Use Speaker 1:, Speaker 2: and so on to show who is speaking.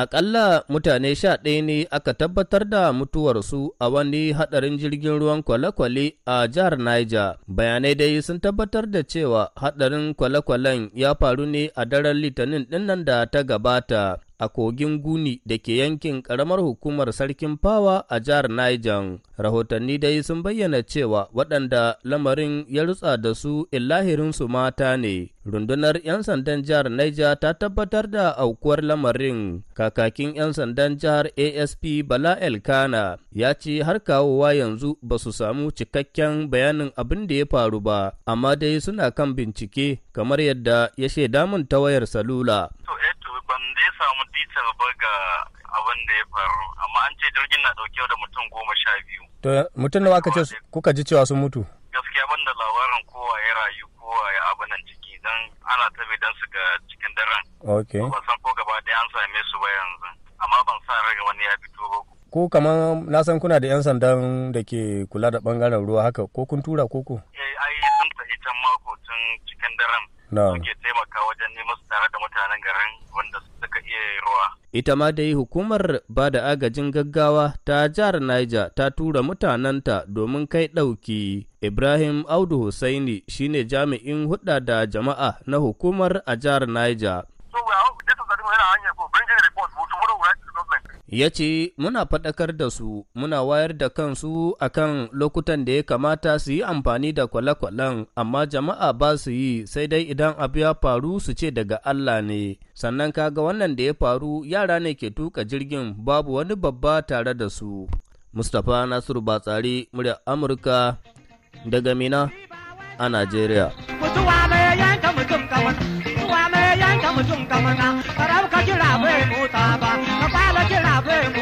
Speaker 1: Aƙalla mutane sha ɗaya ne aka tabbatar da mutuwarsu a wani haɗarin jirgin ruwan kwale-kwale a jihar Niger. Bayanai dai sun tabbatar da cewa haɗarin kwale-kwalen ya faru ne a daren Litinin ɗinnan da ta gabata. a kogin Guni da ke yankin ƙaramar hukumar Sarkin Fawa a jihar Niger. Rahotanni dai sun bayyana cewa waɗanda lamarin ya rutsa da su illahirinsu mata ne. Rundunar 'yan sandan jihar Niger ta tabbatar da aukuwar lamarin. Kakakin 'yan sandan jihar ASP Bala Elkana ya ce har kawowa yanzu ba su samu cikakken bayanin abin da ya faru ba, amma dai suna kan bincike kamar yadda ya shaida min ta wayar salula.
Speaker 2: samu titar ba ga abin da ya faru amma an ce jirgin na dauke da mutum goma sha biyu. To mutum da aka ce kuka ji cewa sun mutu? Gaskiya ban da labarin kowa ya rayu kowa ya abinan ciki don ana ta don su ga cikin daren. Ok. Ba san ko gaba ɗaya an same su ba yanzu amma ban sa raga wani ya fito ba. Ko kamar na san kuna da 'yan sandan da ke kula da bangaren ruwa haka ko kun tura ko ko? Eh ai sun tafi can mako tun cikin daren. Na. Suke taimaka wajen neman su tare da mutanen garin wanda ruwa.
Speaker 1: Ita ma dai hukumar ba da agajin gaggawa ta jihar Niger ta tura mutanenta domin kai ɗauki. Ibrahim Audu Husaini shine jami'in hudda da jama'a na hukumar a jihar Niger. ya ce muna faɗakar da su muna wayar da kansu a kan lokutan da ya kamata su yi amfani da kwale-kwalen amma jama'a ba su yi sai dai idan abu ya faru su ce daga Allah ne sannan kaga wannan da ya faru yara ne ke tuka jirgin babu wani babba tare da su mustapha nasiru batsari murya amurka daga mina a najeriya
Speaker 2: our